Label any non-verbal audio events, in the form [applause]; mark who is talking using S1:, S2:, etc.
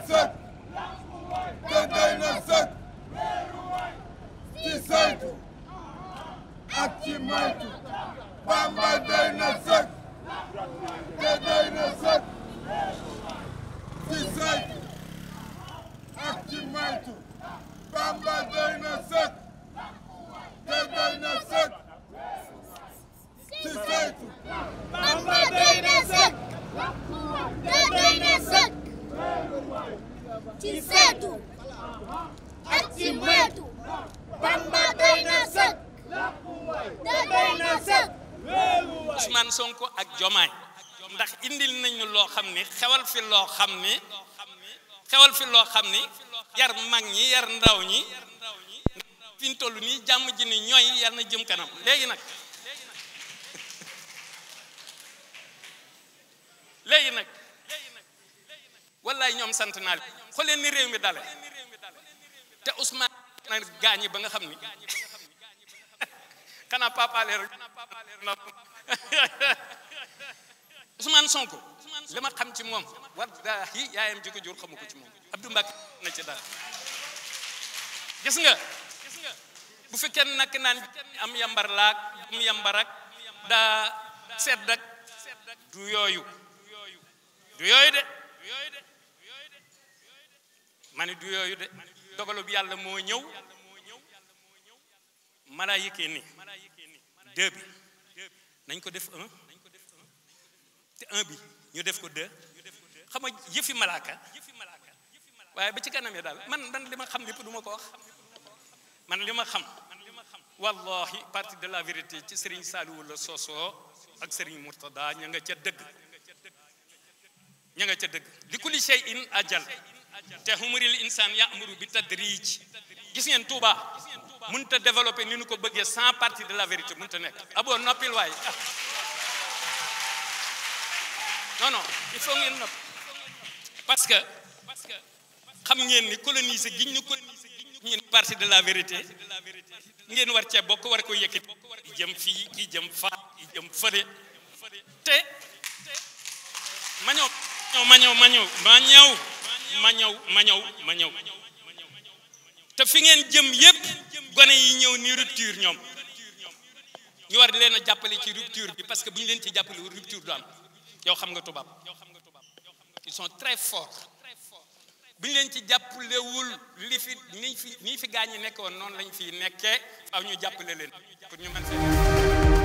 S1: yasak. Kadayın yasak. Sisaytu. Atimaytu. Bambadayın yasak. Kadayın bamba Sisaytu. Atimaytu. Bambadayın yasak. Kadayın yasak. Sisaytu. Bambadayın yasak. Kadayın yasak. ci seetu ak ci
S2: moytu Bamba doy na sëkk da ak Jomaay ndax indil nañu loo xam ni xewal fi loo xam ni loo xam ni yar mag ñi yar ndaw ñi fi ñu toll nii jàmm ji ni ñooy yar na jëm kanam léegi nag léegi nag wallaay ñoom sant naa xooleen ni réew mi dale te Ousmane na gaañi ba nga xam ni [laughs] xanaa papaleer rek [laughs] na Ousmane Sonko li ma xam ci moom war daa yi yaayam ji ko ci moom Abdou Mbacke na ci dara gis nga bu fekkee nak naan am yambar laak am yambar daa sedd du yooyu du yooyu de ma ne du yooyu de dogalub yàlla moo ñëw malaayika ni deux bi dañ ko def un te un bi ñu def ko deux xam nga yëfi malaaka waaye ba ci kanam yi daal man man li ma xam lépp du ma ko wax man li ma xam wallahi parti de la vérité ci Serigne Saliou la soosoo ak Serigne Mourtada ña nga ca dëgg ña ca dëgg li kulli shay'in ajal te humuril insaan ya'muru bi tadrij gis ngeen Touba mënut a développer ni ñu ko bëggee sans partie de la vérité mënut a nekk abo nopil way non non il faut ngeen nop parce que xam ngeen ni coloniser giñ ñu coloniser ngeen partie de la vérité ngeen war ci bokk war ko yëkkati ki jëm fi ki jëm fa ki jëm fële te ma ñëw ma ñëw mañaw mañaw mañaw te fi ngeen jëm yépp gone yi ñëw ni rupture ñoom ñu war di leen a jàppale ci rupture bi parce que bu ñu leen ci jàppale rupture du am yow xam nga tubaab ils sont très forts bu ñu leen ci jàppalewul li fi ni fi nii fi gaañ yi nekkoon noonu lañ fi nekkee aw ñu jàppale leen pour ñu mën